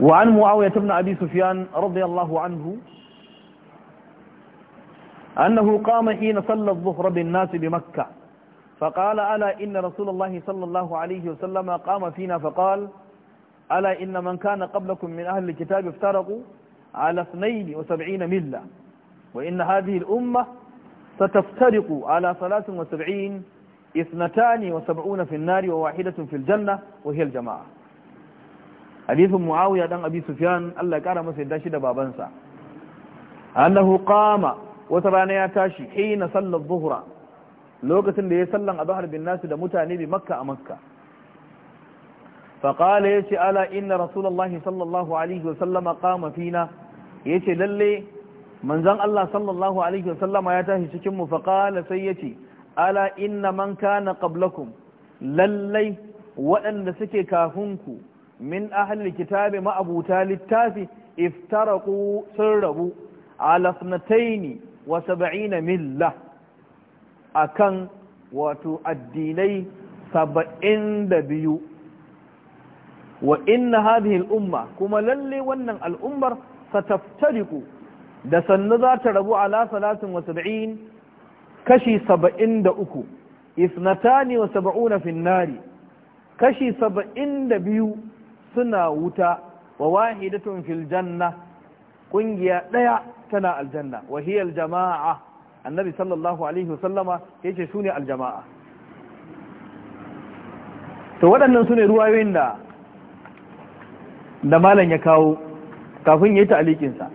wa an muawiya ibn abi sufyan radiyallahu anhu أنه قام حين صلى الظهر بالناس بمكة فقال ألا إن رسول الله صلى الله عليه وسلم قام فينا فقال ألا إن من كان قبلكم من أهل الكتاب افترقوا على 72 ملة وإن هذه الأمة ستفترق على 73 اثنتان وسبعون في النار وواحدة في الجنة وهي الجماعة حديث معاوية عن أبي سفيان الله كرم سيداشد بابنسا أنه قام وترانا يا تاشي حين صلى الظهر لوقت اللي يسلم أظهر بالناس دمتاني بمكة أمكة faƙala ya ce ala ina rasulallah sallallahu alaihi wasallama kama fina ya ce lalle manzan Allah sallallahu alaihi wasallama ya tashi cikinmu faƙala sai ya ce ala inna man kana qablakum lallai waɗanda suke kafinku min ahalil kitabi ma'abuta littafi iftaraku sun rabu alasnataini wa saba'ina milla akan wato addinai saba'in da biyu wa inna hadhihi al-umma kuma lalle wannan al'ummar sataftariqu da sannu za ta rabu ala salatin wa sab'in kashi 73 isnatani wa sab'una fi nari kashi 72 suna wuta wa wahidatun fil janna kungiya daya tana aljanna wa hiya al-jama'a annabi sallallahu alaihi wasallama yace sune al-jama'a to waɗannan sune ruwayoyin da da malam ya kawo kafin ya yi ta'alikinsa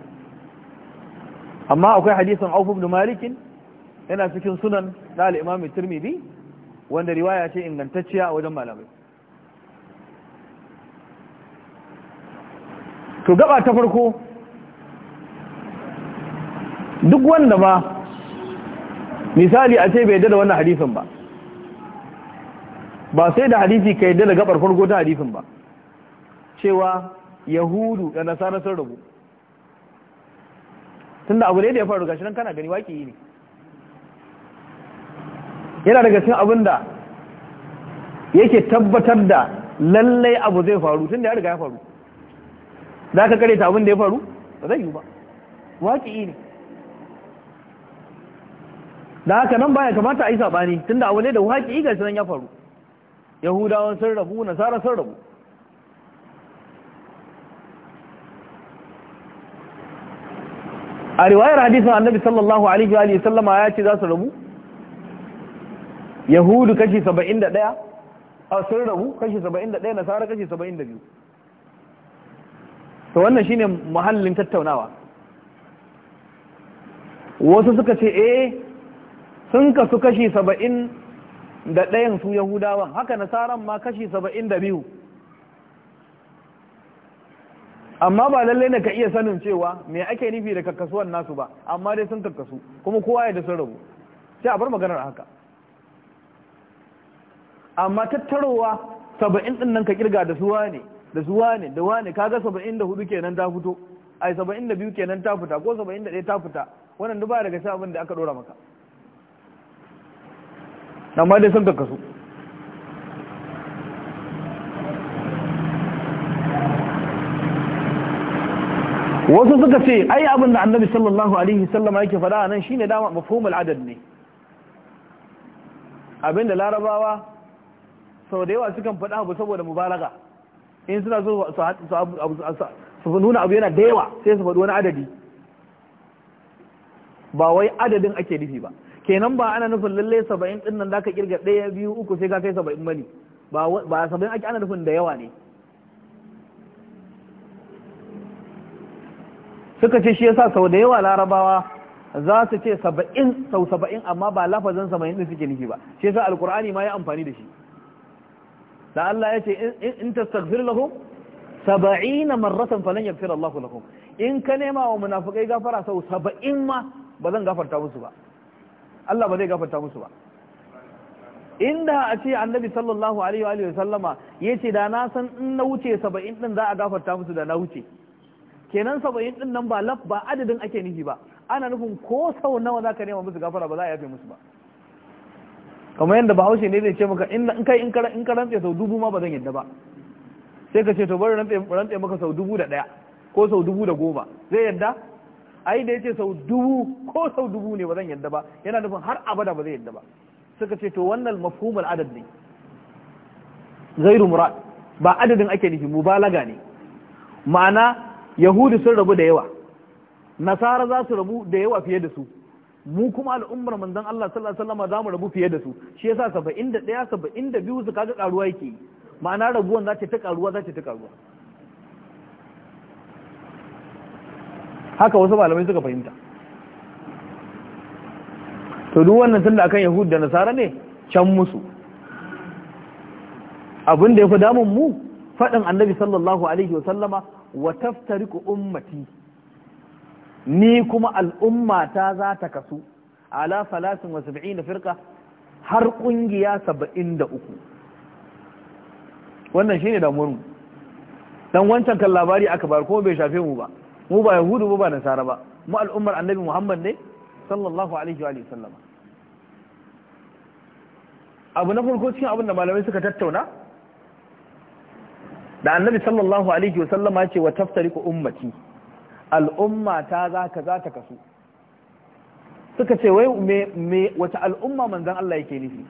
amma akwai hadisan auf ibn malikin yana cikin sunan na al-imam tirmidhi wanda riwaya ce ingantacciya a wajen malamai to gaba ta farko duk wanda ma misali a ce bai yadda da wannan hadisin ba ba sai da hadisi ka yi da gabar farko ta hadisin ba cewa yahudu da nasara sun rabu tunda abu ne da ya faru gashi nan kana gani waki ne yana daga cikin abin da yake tabbatar da lallai abu zai faru tun da ya riga ya faru za ka kare ta abin da ya faru ba zai yi ba waki ne da haka nan baya kamata a yi saɓani tunda abu ne da waki gashi nan ya faru yahudawan sun rabu nasara sun rabu a riwayar hadisun annabi sallallahu alaihi wa sallama ya ce za su rabu yahudu kashi 71 a sun rabu kashi 71 nasara kashi 72 to wannan shine muhallin tattaunawa wasu suka ce eh sun kasu kashi saba'in da ɗayan su yahudawan haka nasaran ma kashi 72 amma ba lallai ne ka iya sanin cewa me ake nufi da kakkasuwan nasu ba amma dai sun kakkasu kuma kowa ya da sun rabu sai a bar maganar haka amma tattarowa saba'in din nan ka kirga da suwa ne da suwa ne da wane kaga saba'in da hudu kenan ta fito ai saba'in da biyu kenan ta fita ko saba'in da ɗaya ta fita wannan duba daga sha abin da aka ɗora maka amma dai sun kakkasu wasu suka ce ai abin da annabi sallallahu alaihi sallama yake fada nan shine dama mafhumul adad ne abinda larabawa sau da yawa sukan fada abu saboda mubalaga in suna so su nuna abu yana da yawa sai su faɗi wani adadi ba wai adadin ake nufi ba kenan ba ana nufin lallai saba'in ɗin nan da ka kirga ɗaya biyu uku sai ka kai saba'in mani ba saba'in ake ana nufin da yawa ne suka ce shi yasa sau da yawa larabawa za su ce saba'in sau saba'in amma ba lafazin saba'in din suke nufi ba shi yasa alkur'ani ma ya amfani da shi da Allah ya ce in tastaghfir lahum saba'ina marratan falan yaghfir Allah lakum in ka nema wa munafikai gafara sau saba'in ma ba zan gafarta musu ba Allah ba zai gafarta musu ba inda a ce annabi sallallahu alaihi wa sallama yace da na san in na wuce saba'in din za a gafarta musu da na wuce kenan saba'in din nan ba laf ba adadin ake nishi ba ana nufin ko sau nawa zaka nema musu gafara ba za a yafe musu ba kamar yadda bahaushe ne zai ce maka in kai in ka rantse sau dubu ma ba zan yadda ba sai ka ce to bari rantse maka sau dubu da ɗaya ko sau dubu da goma zai yadda ai da yace sau dubu ko sau dubu ne ba zan yadda ba yana nufin har abada ba zai yadda ba suka ce to wannan mafhumul adad ne zairu murad ba adadin ake nufi mubalaga ne ma'ana yahudu sun rabu da yawa nasara za su rabu da yawa fiye da su mu kuma al'ummar manzon Allah sallallahu alaihi wasallam za mu rabu fiye da su shi yasa da biyu su kaga karuwa yake ma'ana rabuwan za ta karuwa za ta karuwa haka wasu malamai suka fahimta to duk wannan tunda akan Yahudu da nasara ne can musu abin da ya fi damun mu faɗin annabi sallallahu alaihi wasallama wa taftariku ummati ni kuma al'ummata za ta kasu ala falasin wa sab'ina firqa har kungiya 73 wannan shine damuwar mu dan wancan kan labari aka bar kuma bai shafe mu ba mu ba yahudu ba nasara ba mu al'ummar annabi muhammad ne sallallahu alaihi wa sallama abu na farko cikin abin da malamai suka tattauna da annabi sallallahu alaihi wasallama ce wa taftariku ummati al'umma ta za ka kasu suka ce wai me wace al'umma manzan Allah yake nufi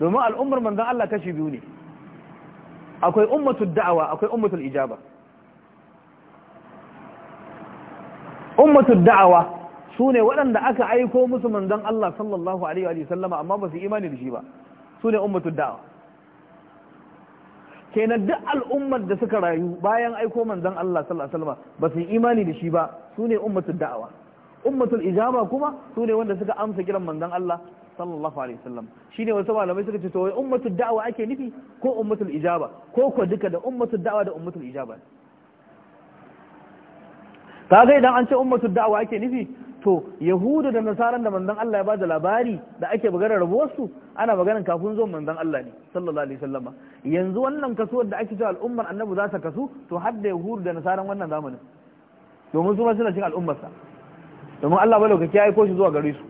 domin al'ummar manzan Allah kashi biyu ne akwai ummatul da'awa akwai ummatul ijaba ummatul da'awa su ne waɗanda aka aiko musu manzan Allah sallallahu alaihi wa amma ba su imani da shi ba su ne ummatul da'awa kenan duk al'ummar da suka rayu bayan aiko manzon Allah sallallahu alaihi wasallam ba su imani da shi ba sune ummatul da'awa ummatul ijaba kuma sune wanda suka amsa kiran manzon Allah sallallahu alaihi wasallam shine wasu malamai suka ce to wai ummatul da'awa ake nufi ko ummatul ijaba ko ko duka da ummatul da'awa da ummatul ijaba kaga idan an ce ummatul da'awa ake nufi to yahudu da nasaran da manzon Allah ya bada labari da ake maganar rabuwarsu ana maganar kafin zuwan manzon Allah ne sallallahu alaihi yanzu wannan kaso da ake cewa al'ummar annabi za ta kasu to har da yahudu da nasaran wannan zamanin domin su ma suna cikin al'ummarsa domin Allah malaukaki ya aiko shi zuwa gare su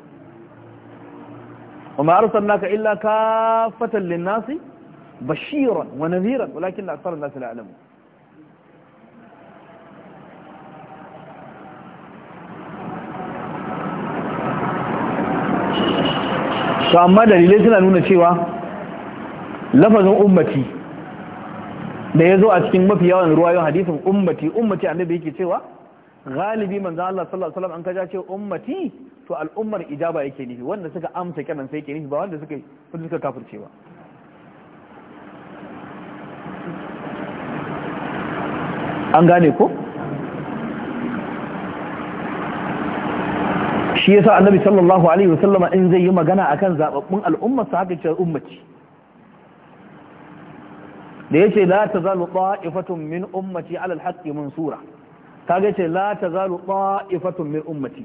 وما أرسلناك إلا كافة للناس بشيرا ونذيرا ولكن أكثر الناس لا to amma dalilai suna nuna cewa lafazin ummati da ya zo a cikin mafi yawan ruwayon hadisin ummati ummati annabi yake cewa galibi manzo Allah sallallahu alaihi wasallam an kaja ce ummati to al'ummar ijaba yake nufi wanda suka amsa kiran sai yake nufi ba wanda suka wanda suka kafirce ba an gane ko shi yasa annabi sallallahu alaihi wasallama in zai yi magana akan zababbun al'ummar sa haka ce ummaci da yace la tazalu ta'ifatun min ummati ala al-haqqi mansura kaga yace la tazalu ta'ifatun min ummati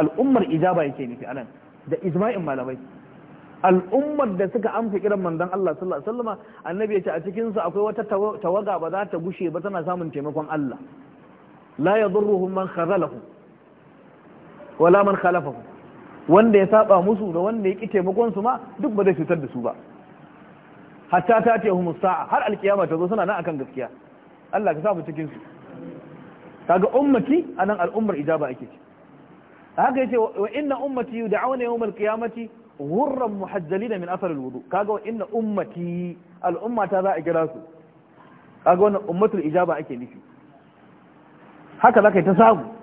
al'ummar ijaba yake nufi anan da ijma'in malamai al'ummar da suka amsa kiran manzon Allah sallallahu alaihi wasallama annabi yace a cikin su akwai wata tawaga ba za ta gushe ba tana samun taimakon Allah la yadurruhum man khazalahum wala man khalafahu wanda ya saba musu da wanda ya ki taimakon su ma duk ba zai cutar da su ba hatta ta ce humus sa'a har alkiyama ta zo suna nan akan gaskiya Allah ka sa mu cikin su kaga ummati anan al'ummar ijaba ake ce haka yace wa inna ummati yud'auna yawm al-qiyamati ghurran muhajjalina min athar al-wudu kaga wa inna ummati al'umma ta za a kira su kaga wannan ummatul ijaba ake nufi haka zaka ta samu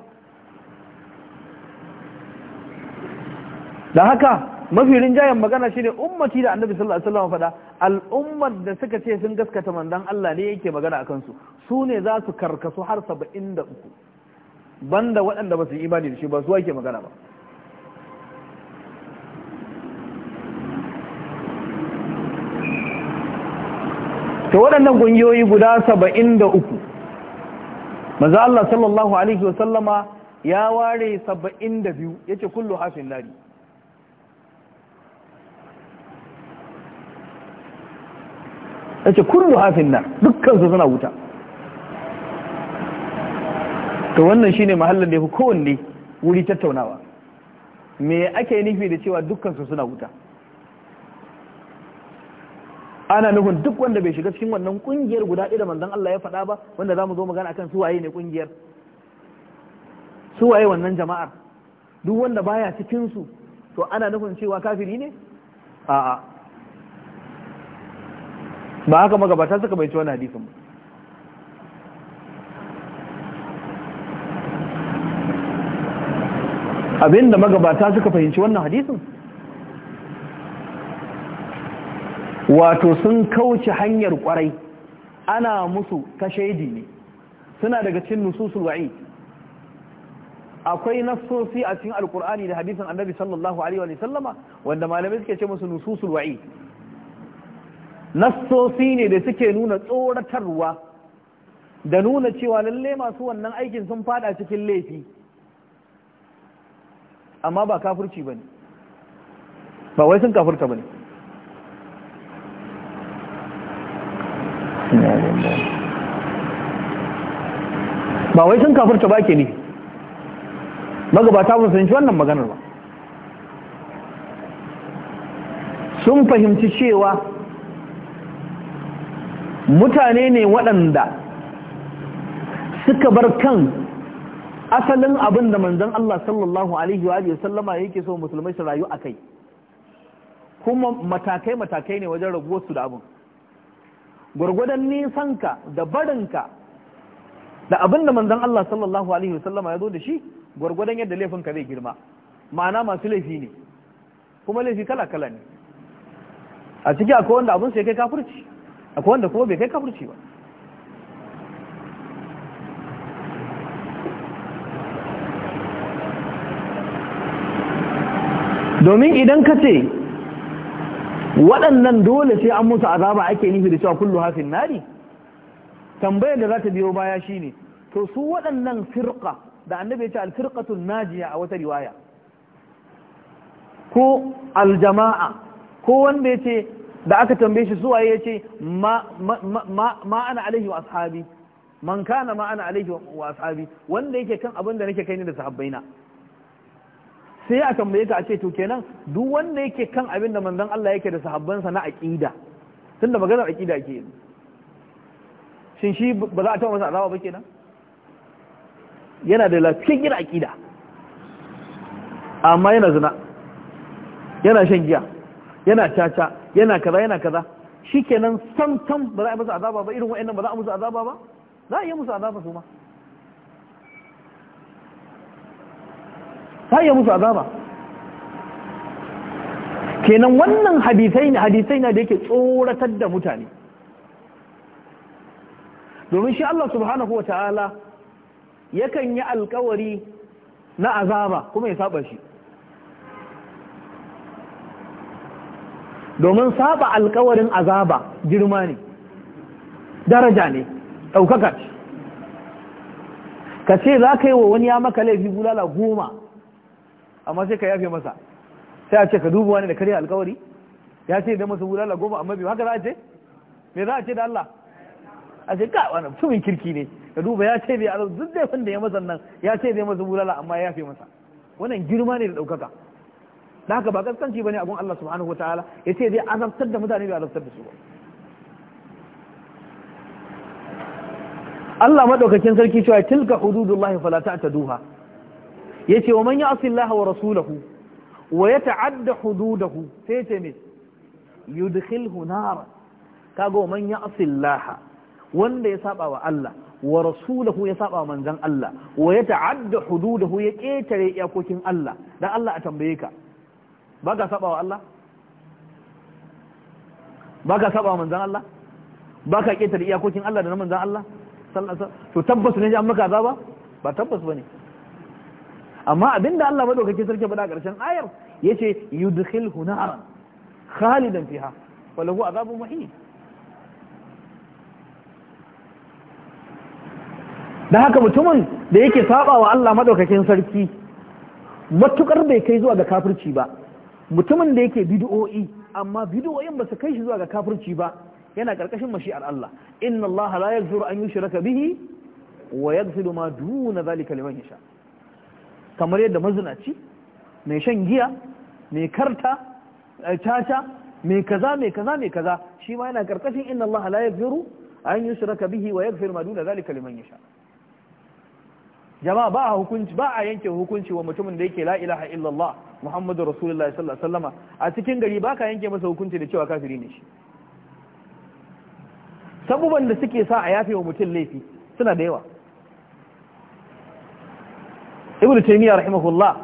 da haka mafi rinjayen magana shine ummati da annabi sallallahu alaihi wasallam faɗa al'ummar da suka ce sun gaskata mandan Allah ne yake magana akan su su ne za su karkasu har 73 banda waɗanda ba su yi imani da shi ba su yake magana ba to waɗannan gungiyoyi guda 73 manzo Allah sallallahu alaihi wasallama ya ware 72 yace kullu hafin nari ce kullu hafin nan dukkan su suna wuta to wannan shine mahallin da yake kowanne wuri tattaunawa me ake nufi da cewa dukkan su suna wuta ana nufin duk wanda bai shiga cikin wannan kungiyar guda ɗaya da manzon Allah ya faɗa ba wanda zamu zo magana akan su ne kungiyar su wannan jama'ar duk wanda baya cikin su to ana nufin cewa kafiri ne a'a ba haka magabata suka bai ci wani ba abinda magabata suka fahimci wannan hadisun wato sun kauce hanyar kwarai ana musu ta shaidi ne suna daga cin nususul wa'i akwai nasosi a cikin alkur'ani da hadisin annabi sallallahu alaihi wa sallama wanda malamai suke ce musu nususul wa'i nassosi ne da suke nuna tsoratarwa da nuna cewa lalle masu wannan aikin sun fada cikin laifi amma ba kafurci ba ne ba wai sun kafurta ba ne ba wai sun kafurta ba ke ne magabata ba sun ci wannan maganar ba sun fahimci cewa mutane ne waɗanda suka bar kan asalin abin da manzan Allah sallallahu alaihi wa sallama yake so musulmai su rayu a kai. kuma matakai matakai ne wajen raguwar su da abin gwargwadon nisanka da barinka da abin da manzan Allah sallallahu alaihi wa sallama ya zo da shi gwargwadon yadda laifinka zai girma ma'ana masu laifi ne kuma laifi kala kala ne a ciki akwai wanda abin sai kai kafirci akwai wanda kuma bai kai kafirci ba domin idan ka ce waɗannan dole sai an mutu azaba ake nufi da cewa kullu hafin nari tambayar da za ta biyo baya shine to su waɗannan firka da annabi ya ce alfirqatul najiya a wata riwaya ko aljama'a ko wanda ya ce da aka tambaye shi zuwa ya ce ma ana alaihi wa ashabi man kana ma ana alaihi wa ashabi wanda yake kan abin da nake kai ne da sahabbaina sai a tambaye ta a ce to kenan duk wanda yake kan abin da manzon Allah yake da sahabbansa na aqida tunda maganar aqida ke yi shin shi ba za a taɓa masa azaba ba kenan yana da lafiyayyar aqida amma yana zina yana shan giya yana caca yana kaza yana kaza shikenan san tam ba za a musu azaba ba irin wa'annan ba za a musu azaba ba za a iya musu azaba su ma za a iya musu azaba kenan wannan hadisai ne hadisai ne da yake tsoratar da mutane domin shi Allah subhanahu wa ta'ala yakan yi alkawari na azaba kuma ya saba shi domin saba alkawarin azaba girma ne daraja ne ɗaukaka ce ka ce za ka yi wa wani ya maka laifi bulala goma amma sai ka yafe masa sai a ce ka duba wani da karya alkawari ya ce da masa bulala goma amma biyu haka za a ce me za a ce da Allah a ce ka wani tumin kirki ne ka duba ya ce bai ya duk zai da ya masa nan ya ce da ya masa bulala amma ya yafe masa wannan girma ne da ɗaukaka da haka ba kaskanci bane abun Allah subhanahu wataala yace zai azabtar da mutane bai azabtar da su ba Allah madaukakin sarki cewa tilka hududullahi fala ta'taduha yace wa man ya'si Allah wa rasulahu wa yata'adda hududahu sai yace me yudkhilhu nar kaga wa man ya'si Allah wanda ya saba wa Allah wa rasulahu ya saba manzon Allah wa yata'adda hududahu ya ketare iyakokin Allah dan Allah a tambaye ka ba ka saba wa Allah ba ka saba wa manzan Allah ba ka ƙetare iyakokin Allah da na manzan Allah to tabbas ne an maka azaba ba tabbas ba ne amma abinda Allah madaukake sarki faɗa ƙarshen ayar yace yudkhilhu naran khalidan fiha wa lahu azabun muhin da haka mutumin da yake saba wa Allah madaukakin sarki matukar bai kai zuwa ga kafirci ba mutumin da yake bid'o'i amma bid'o'in ba su kai shi zuwa ga kafirci ba yana karkashin mashi'ar Allah inna Allah la yaghfiru an yushraka bihi wa yaghfiru ma duna zalika liman yasha kamar yadda mazinaci mai shan giya mai karta caca mai kaza mai kaza mai kaza shi ma yana karkashin inna Allah la yaghfiru an yushraka bihi wa yaghfiru ma duna zalika liman yasha jama'a ba a hukunci ba a yanke hukunci wa mutumin da yake la ilaha illallah muhammadu rasulullahi sallallahu alaihi wasallam a cikin gari ba ka yanke masa hukunci da cewa kafiri ne shi sabuban da suke sa a yafe wa mutum laifi suna da yawa ibnu taymiya rahimahullah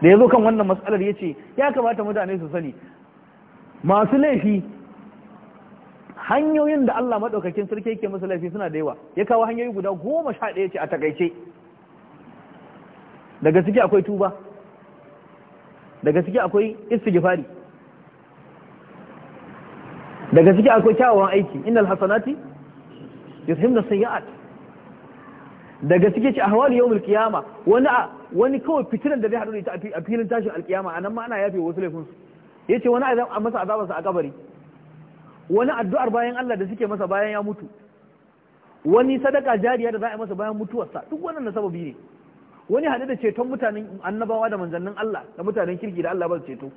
da yazo kan wannan mas'alar yace ya kamata mutane su sani masu laifi hanyoyin da Allah madaukakin sarki yake masa laifi suna da yawa ya kawo hanyoyi guda goma sha ɗaya ce a takaice daga ciki akwai tuba daga ciki akwai istighfari daga ciki akwai kyawawan aiki innal hasanati yuzhibna sayiat daga ciki ci ahwal yawmul qiyama wani wani kawai fitinan da zai hadu da ita a filin tashin alkiyama anan ma ana yafe wasu laifin su yace wani azab a masa azabar sa a kabari wani addu'ar bayan Allah da suke masa bayan ya mutu wani sadaka jariya da za a yi masa bayan mutuwarsa duk wannan na sababi ne wani hadu da ceton mutanen annabawa da manzannin Allah da mutanen kirki da Allah ba su ceto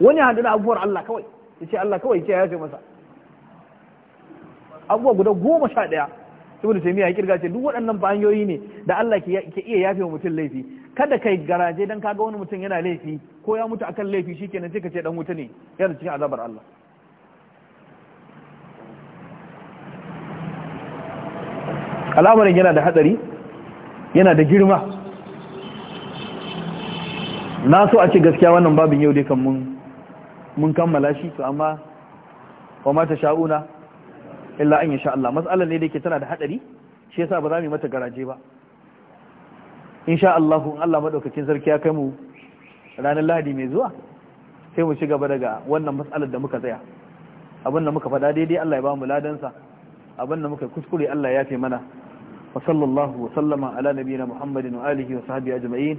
wani hadu da abubuwar Allah kawai ya ce Allah kawai ya ce masa abubuwa guda goma sha ɗaya sai miya ya kirga ce duk waɗannan ba hanyoyi ne da Allah ke iya yafe mutum laifi kada kai garaje dan kaga wani mutum yana laifi ko ya mutu akan laifi shikenan sai ka ce dan wuta ne yana cikin azabar Allah al'amarin yana da hatsari yana da girma na so a ce gaskiya wannan babin yau dai kan mun kammala shi to amma kuma ta sha'una illa an sha Allah matsalar ne da yake tana da hadari shi yasa ba za mu mata garaje ba insha Allah in Allah madaukakin sarki ya kai mu ranar Lahadi mai zuwa sai mu ci gaba daga wannan matsalar da muka tsaya abin da muka faɗa daidai Allah ya ba mu ladan sa abin muka kuskure Allah ya fi mana wa sallallahu wa sallama ala nabiyina Muhammadin wa alihi wa sahbihi ajma'in